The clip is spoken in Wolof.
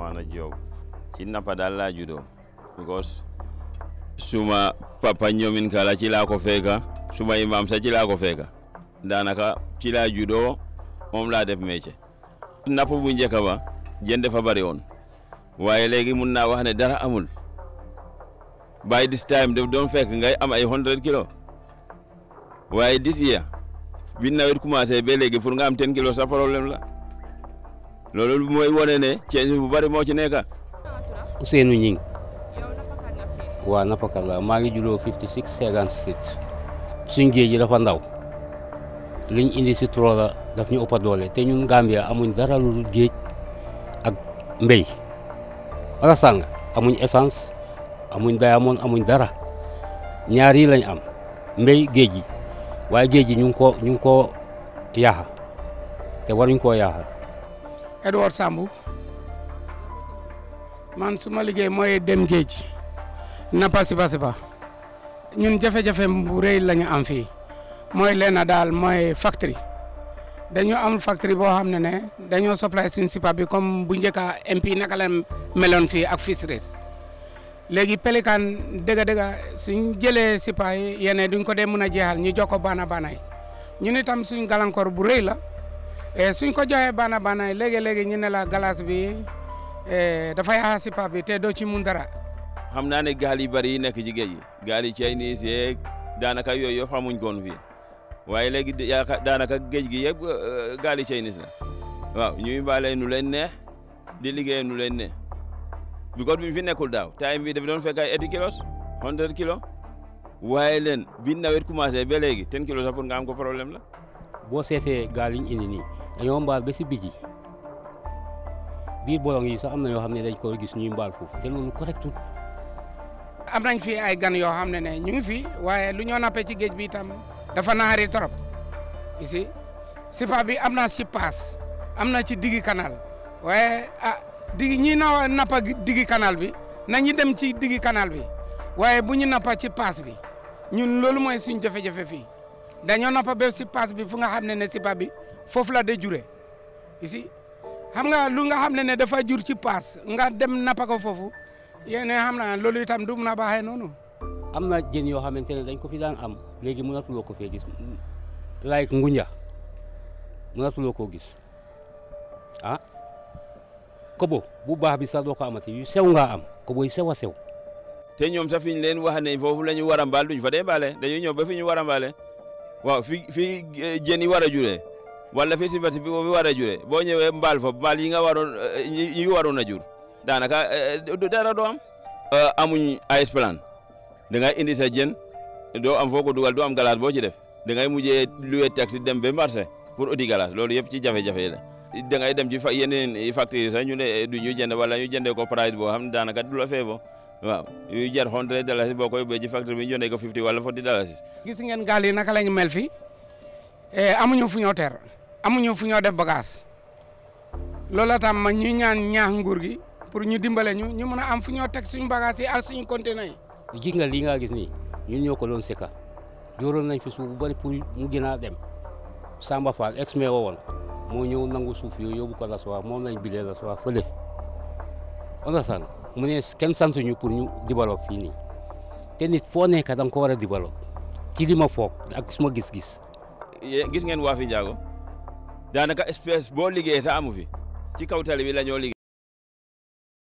Ousmane Diop ci nappa daal laa juddoo because suma papa ñoomin kala ci laa ko fekka suma imam sa ci laa ko fekka daanaka ci laa juddoo moom laa def métier napp bu njëkk ba jën dafa bari woon waaye léegi mun naa wax ne dara amul by this time daf doon fekk ngay am ay hundred kilo waaye this year bi nawet commencé ba léegi pour nga am ten kilo sa problème la loolu mooy wane ne ceeñ bu bari moo ci nekk. Ousseynou Gningue waa nappakat la maa ngi juddoo 56 50 street suñ géej gi dafa ndaw liñ indi si trawler daf ñu ëpp doole te ñun Gambia amuñ dara lu géej ak mbéy wala sàng amuñ essence amuñ diamond amuñ dara ñaari lañ am mbéy géej gi waaye géej gi ñu ngi ko ñu ngi koo yaaxa te waruñ koo yaaxa Edward Sambu, man suma liggéey moy dem na passé passé siba ñun jafe-jafe bu reuy lañu am fi moy léna dal moy factory dañu am factory bo xamné né dañu supply sin sipa bi comme bu ñëka MP naka la meloon fi ak fisheries légui pelican dega dega suñu jëlé sipa yi yene duñ ko dee mëna jéxal ñu joko bana baana ñun itam bu reuy la Eh, suñ ko joxee bana bana léegi léegi ñu ne la glace bi eh, dafa yaa si bi te doo ci mun dara. xam naa ne gaal yi bari yi nekk ci géej gi gaal yi Chinese yeeg daanaka yooyu yëpp xamuñ koon fii waaye léegi daanaka géej gi yëpp eh, gaal yi Chinese la waaw ñuy mbaalee nu leen ne di liggéeyee nu leen ne bi bi fi nekkul daaw time bi dafa doon fekk ay eighty kilos kilo waaye leen bi nawet commencé ba léegi ten kilos sax pour nga am ko problème la. boo seetee gaal yi ñu nii. dañoo mbaal ba si biti biir bolong yi sax am na yoo xam ne dañ ko gis ñuy mbaal foofu te loolu correctul am nañ fi ay gan yoo xam ne ne ñu ngi fi waaye lu ñoo nappee ci géej bi itam dafa naari trop ici sipa bi am ci paas am na ci digi canal waaye ah digi ñi na nappa digi kanal bi nañu dem ci digi kanal bi waaye bu ñu nappa ci paas bi ñun loolu mooy suñ jafe-jafe fii dañoo nappa ba si paas bi fu nga xam ne ne sipa bi foofu la day juree si xam nga lu nga xam ne ne dafa jur ci paas nga dem napako foofu yéen xam naa loolu itam du mun a baaxee noonu. am na jën yoo xamante ne dañ ko fi daan am léegi mënatuloo ko fee gis like nguña mënatuloo koo gis ah kobo bu baax bi sax doo ko amati yu sew ngaa am kobo yu sew sew. te ñoom sax fi leen wax ne foofu la ñu war a mbaal duñ fa dee baale dañuy ñëw ba fi ñu war a mbaale waaw fi fi eh, jën yi war a juree wala festival bi ko fi war a jure boo ñëwee mbaal fa mbaal yi war waroon yi waroon a jur daanaka eh, eh, dara doo am. Eh, amuñ ice plan da ngay indi sa jën doo am foo ko dugal doo am galaas boo ci def da ngay mujjee loué taxi dem ba marché pour odi galaas loolu yëpp ci jafe-jafe la da ngay dem ci fa yeneen factures sax ñu ne du ñu jënd wala ñu jëndee ko price boo xam daanaka du la feebo waaw yuy jar hundred dalasi boo koy ubbee ci facture bi ñu jëndee ko fifty wala forty dalasi. gis ngeen gaal yi naka lañu mel fi amuñu fu amuñu fuñu def bagage loolu tam ma ñu ñaan ñaax nguur gi pour ñu dimbalé ñu ñu mëna a am fuñu tek suñu bagage yi ak suñu conteneur yi. gi nga li nga gis ni ñun ñoko doon seka jóoroon nañ fi suuf bu bari pour mu gëna dem Samba fa ex maire woon mo ñew nangu suuf yo yobu ko la soir moom lañ bilé la on la san mu ne santu ñu pour ñu dibalo fi ni té nit fo nekk da nga ko war a ci li ma ak suma gis-gis. gis ngeen wa fi jago daanaka espèce boo liggéey sax amu fi ci kaw tali bi la ñoo liggéey